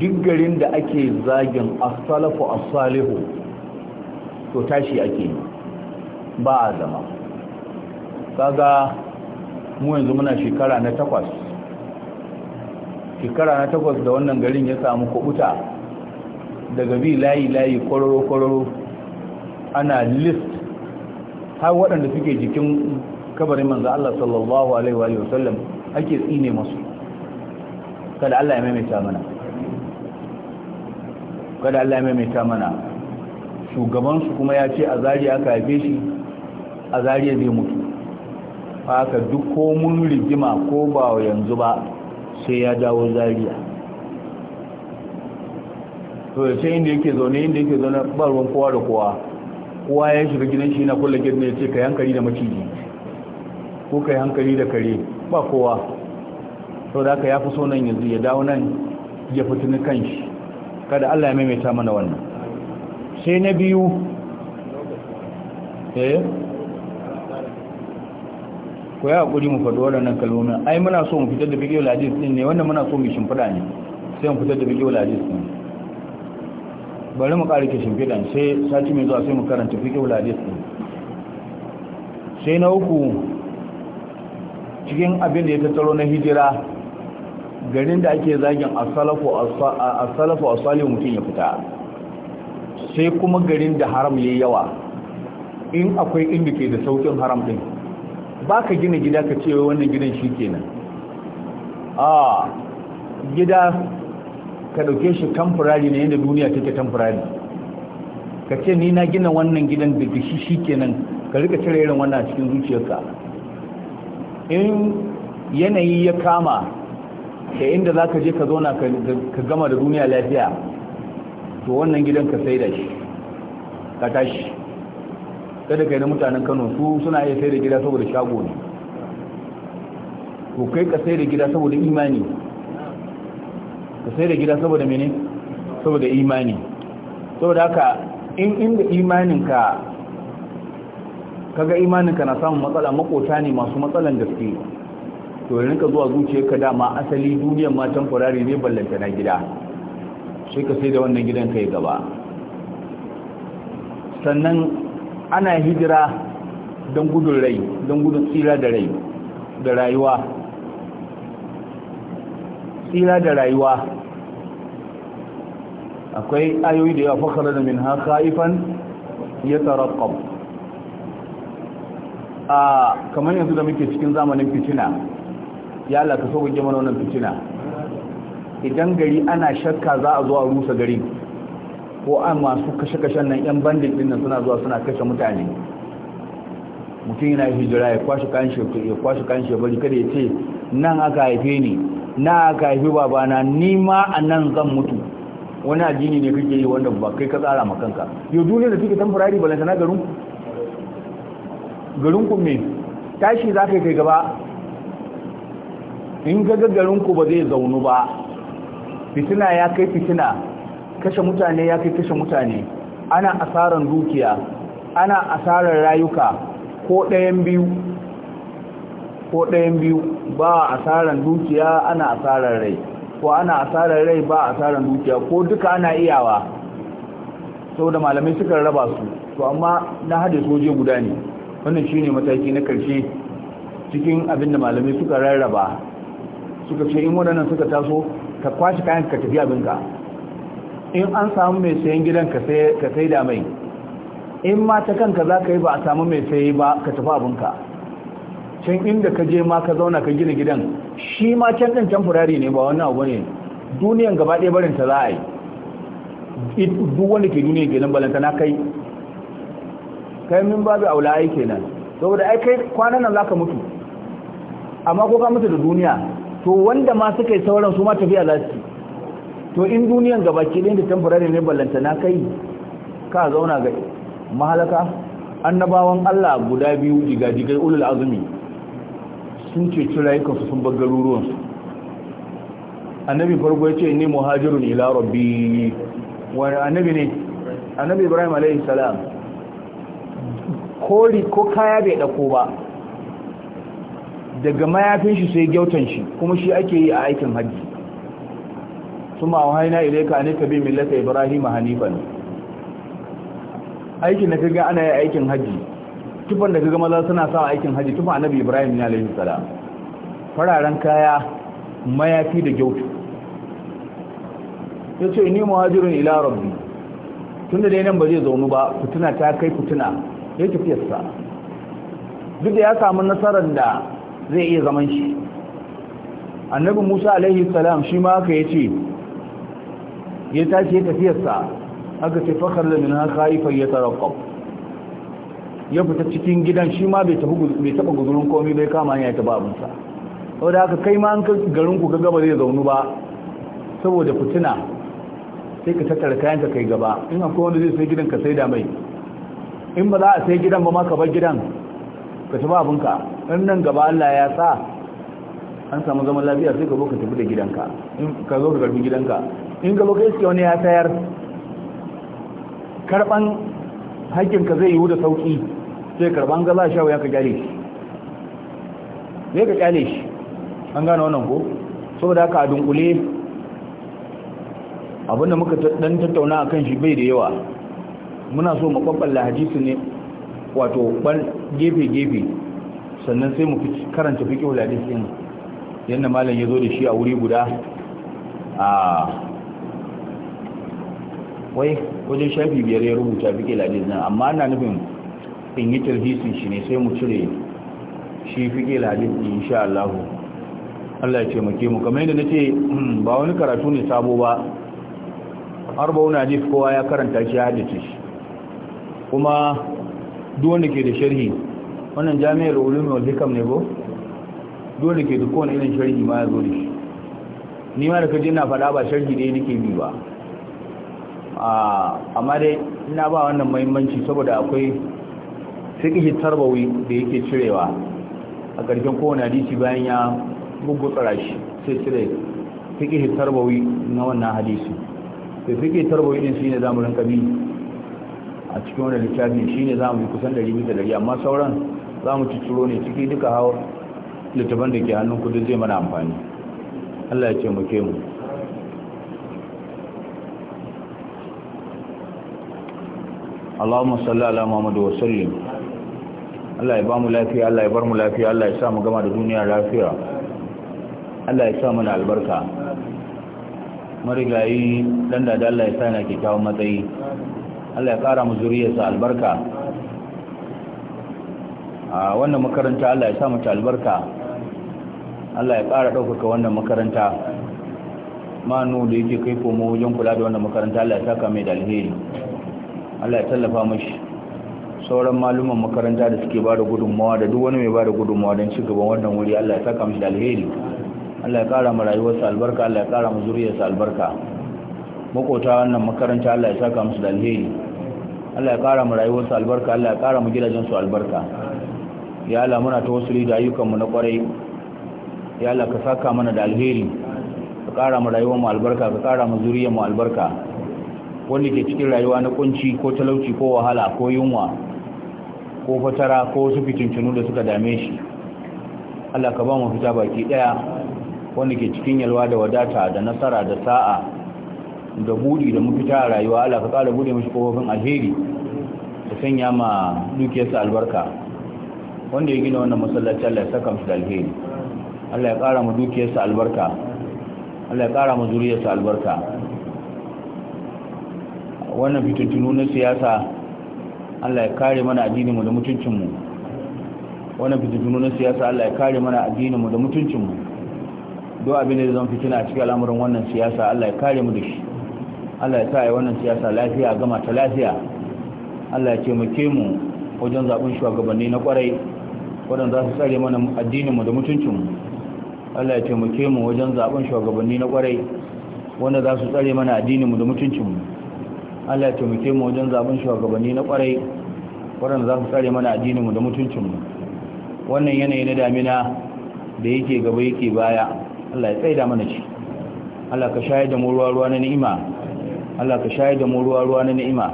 duk da ake zagin as-salafu as-salihu to tashi ake ba a zama kaga mu yanzu muna shekara na takwas shekara na takwas da wannan garin ya samu kubuta daga bi layi-layi kwararo-kwararo ana list har waɗanda suke jikin kabarin manzo Allah sallallahu alaihi wa sallam ake tsine masu kada Allah ya maimaita mana kada Allah ya maimaita mana shugabansu kuma ya ce a zariya aka haife shi a zariya zai mutu haka duk ko mun rigima ko ba yanzu ba sai ya dawo zariya to sai inda yake zaune inda yake zaune ba ruwan kowa da kowa kowa ya shiga gidan shi na kulle gidan ya ce ka hankali da maciji ko ka hankali da kare ba kowa sau da ka ya fi yanzu ya dawo nan ya ni kan shi kada allah ya maimaita mana wannan sai na biyu eh ko ya hakuri mu faɗi waɗannan kalmomi ai muna so mu fitar da fiqhul hadis din ne wanda muna so mu shimfiɗa ne sai mu fitar da fiqhul hadis din bari mu ƙara ke shimfiɗan sai sati mai zuwa sai mu karanta fiqhul hadis din sai na uku cikin abin da ya tattaro na hijira garin da ake zagin asalafu asalafu asalihu mutum ya fita sai kuma garin da haram ya yawa in akwai inda ke da saukin haram din ba ka gina gida ka ce wannan gidan shi kenan a gida ka ɗauke shi tamfurari ne yadda duniya take tamfurari ka ce ni na gina wannan gidan da shi shi kenan ka rika cire irin wannan cikin zuciyarka in yanayi ya kama da inda za ka je ka zauna ka gama da duniya lafiya to wannan gidan ka sai da shi ka tashi kada ka yi na mutanen kano su suna iya sai da gida saboda shago ne ko kai ka sai da gida saboda imani ka sai da gida saboda mene saboda imani saboda haka in inda imaninka kaga imaninka na samun matsala makota ne masu matsalan gaske to ka zuwa zuciyarka dama asali duniyar ma temporary ne ballanta na gida sai ka sai da wannan gidan kai gaba sannan ana hijira don gudun rai don gudun tsira da rai da rayuwa tsira da rayuwa akwai ayoyi da yawa fakar da min haka ifan ya tarakam a kamar yanzu da muke cikin zamanin fitina ya laka sauƙin jama'a wannan fitina idan gari ana shakka za a zo a rusa garin ko an masu kashe-kashen nan yan bandit din nan suna zuwa suna kashe mutane mutum yana hijira ya kwashe kan shi ya kwashe kan shi kada ya ce nan aka haife ni na aka haife babana ni ma a nan zan mutu wani addini ne kake yi wanda ba kai ka tsara ma kanka yau duniya da take tamfurari balanta na garin garin ku me tashi za ka kai gaba in ga garin ku ba zai zaunu ba fitina ya kai fitina kashe mutane ya kai kashe mutane ana asarar dukiya ana asarar rayuka ko ɗayan biyu ko ɗayan biyu ba asarar dukiya ana asarar rai ko ana asarar rai ba asarar dukiya ko duka ana iyawa da malamai suka raba su to amma na hada soje guda ne wannan shine mataki na karshe cikin abin da malamai suka rarraba suka ce in waɗannan suka taso ka kwashi kayan ka tafi abinka in an samu mai sayan gidan ka sai da mai in ma ta kanka za ka yi ba a samu mai sayi ba ka tafi abinka can inda ka je ma ka zauna ka gina gidan shi ma can ɗin furari ne ba wannan abu ne duniyan gaba ɗaya barin ta za a yi duk wanda ke duniya gidan balanta na kai kai min bi aula ai kenan saboda ai kai kwanan nan zaka mutu amma ko ka mutu da duniya to wanda ma suka yi sauran su ma tafiya za su to in duniyan gaba ke da temporary ne ballanta na kai ka zauna ga mahalaka annabawan Allah guda biyu jigajigai ulul azumi sun ceci rayukansu sun bar garuruwansu annabi farko ya ce ni muhajirun ila rabbi wani annabi ne annabi ibrahim alayhi salam kori ko kaya bai dako ba daga mayafin shi sai gyautan shi kuma shi ake yi a aikin hajji kuma auhayna ilayka an tabi millata ibrahima hanifan aikin da kaga ana yi aikin haji tufan da kaga maza suna sa aikin haji tufan annabi ibrahim ne alaihi salam fararen kaya mayafi da gyautu yace ni muhajirun ila rabbi tunda dai nan ba zai zaunu ba fituna ta kai fituna yayi tafiyarsa duk da ya samu nasarar da zai iya zaman shi annabi Musa alaihi salam shi ma haka yace ya tashi ya sa aka ce fakar da minha khaifan ya tarakkab ya fita cikin gidan shi ma bai taba guzurin komai bai kama ya taba abinsa saboda haka kai ma an garin ku ka gaba zai zaunu ba saboda fitina sai ka tattara kayan ka kai gaba in akwai wanda zai sai gidan ka sai da mai in ba za a sai gidan ba ma ka bar gidan ka ci ba abinka in nan gaba Allah ya sa an samu zaman lafiya sai ka zo ka tafi da gidanka in ka zo ka karbi gidanka in ka zo ka iske wani ya sayar karban hakkinka zai yiwu da sauki sai karban ga za sha wuya ka kyale shi zai ka kyale shi an gane wannan ko saboda haka a dunkule abinda muka dan tattauna akan shi bai da yawa muna so mu kwakwalla hadisi ne wato ban gefe-gefe sannan sai mu karanta fikin hadisi ne yadda malam ya zo da shi a wuri guda a wai wajen shafi biyar ya rubuta fi keladis nan amma ana nufin in yi tarhisin shi ne sai mu cire shi fi keladis insha Allah Allah ya taimake mu kamar yadda na ce ba wani karatu ne sabo ba har ba wani hadis kowa ya karanta shi ya haddace shi kuma duk wanda ke da sharhi wannan jami'ar ulumi wal hikam ne ko dole ke duk wani irin sharhi ma ya zo da shi ni ma da kaji na faɗa ba sharhi ɗaya nake bi ba amma dai ina ba wannan mahimmanci saboda akwai fiƙihi tarbawi da yake cirewa a ƙarshen kowane hadisi bayan ya bugu shi sai cire fiƙihi tarbawi na wannan hadisi sai fiƙihi tarbawi ɗin shine zamu rinka bi a cikin wannan littafin shine zamu yi kusan 100 da 100 amma sauran zamu ciciro ne ciki duka hawa littafin da ke hannun kudu zai mana amfani Allah ya ce mu ke mu Allahumma salli ala Muhammad wa sallim Allah ya ba mu lafiya Allah ya bar mu lafiya Allah ya sa mu gama da duniya lafiya Allah ya sa mana albarka marigayi dan da Allah ya sa na kikkiawan matsayi Allah ya kara mu zuriyarsa albarka a wannan makaranta Allah ya sa mu ta albarka Allah ya ƙara ɗaukaka wannan makaranta manu da yake kai komo wajen kula da wannan makaranta Allah ya saka mai da alheri Allah ya tallafa mashi sauran maluman makaranta da suke bada gudunmawa da duk wani mai bada gudunmawa don ci gaban wannan wuri Allah ya saka mashi da alheri Allah ya ƙara mu rayuwarsa albarka Allah ya ƙara mu zuriyarsa albarka makota wannan makaranta Allah ya saka musu da alheri Allah ya ƙara mu rayuwarsa albarka Allah ya ƙara mu gidajensu albarka ya Allah muna tawassuli da ayyukanmu na ƙwarai ya Allah ka saka mana da alheri ka kara mu rayuwar mu albarka ka kara mu zuriyar mu albarka wanda ke cikin rayuwa na kunci ko talauci ko wahala ko yunwa ko fatara ko su fitintunu da suka dame shi Allah ka ba mu fita baki daya wanda ke cikin yalwa da wadata da nasara da sa'a da budi da mafita a rayuwa Allah ka kara bude mishi kofofin alheri da sanya ma dukiyarsa albarka wanda ya gina wannan masallaci Allah ya saka mishi da alheri Allah ya ƙara mu dukiyarsa albarka Allah ya ƙara mu zuriyarsa albarka wannan fitintunu na siyasa Allah ya kare mana addininmu da mutuncinmu wannan fitintunu na siyasa Allah ya kare mana addininmu da mutuncinmu duk abin da zan fitina a cikin al'amuran wannan siyasa Allah ya kare mu da shi Allah ya sa wannan siyasa lafiya gama ta lafiya Allah ya taimake mu wajen zaɓen shugabanni na kwarai waɗanda za su tsare mana addininmu da mutuncinmu Allah ya taimake mu wajen zaben shugabanni na kwarai wanda za su tsare mana addinin mu da mutuncin mu Allah ya taimake mu wajen zaben shugabanni na kwarai wanda za su tsare mana addinin mu da mutuncin mu wannan yanayi na damina da yake gaba yake baya Allah ya tsaida mana shi Allah ka shayar da mu ruwa ruwa na ni'ima Allah ka shayar da mu ruwa ruwa na ni'ima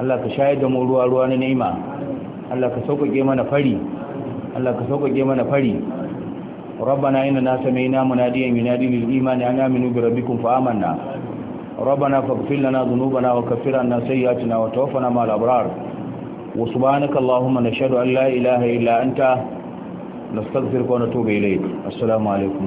Allah ka shayar da mu ruwa ruwa na ni'ima Allah ka sauƙaƙe mana fari Allah ka sauƙaƙe mana fari ربنا إننا سمعنا مناديا ينادي للإيمان أن آمنوا بربكم فآمنا ربنا فاغفر لنا ذنوبنا وكفر عنا سيئاتنا وتوفنا مع الأبرار وسبحانك اللهم نشهد أن لا إله إلا أنت نستغفرك ونتوب إليك السلام عليكم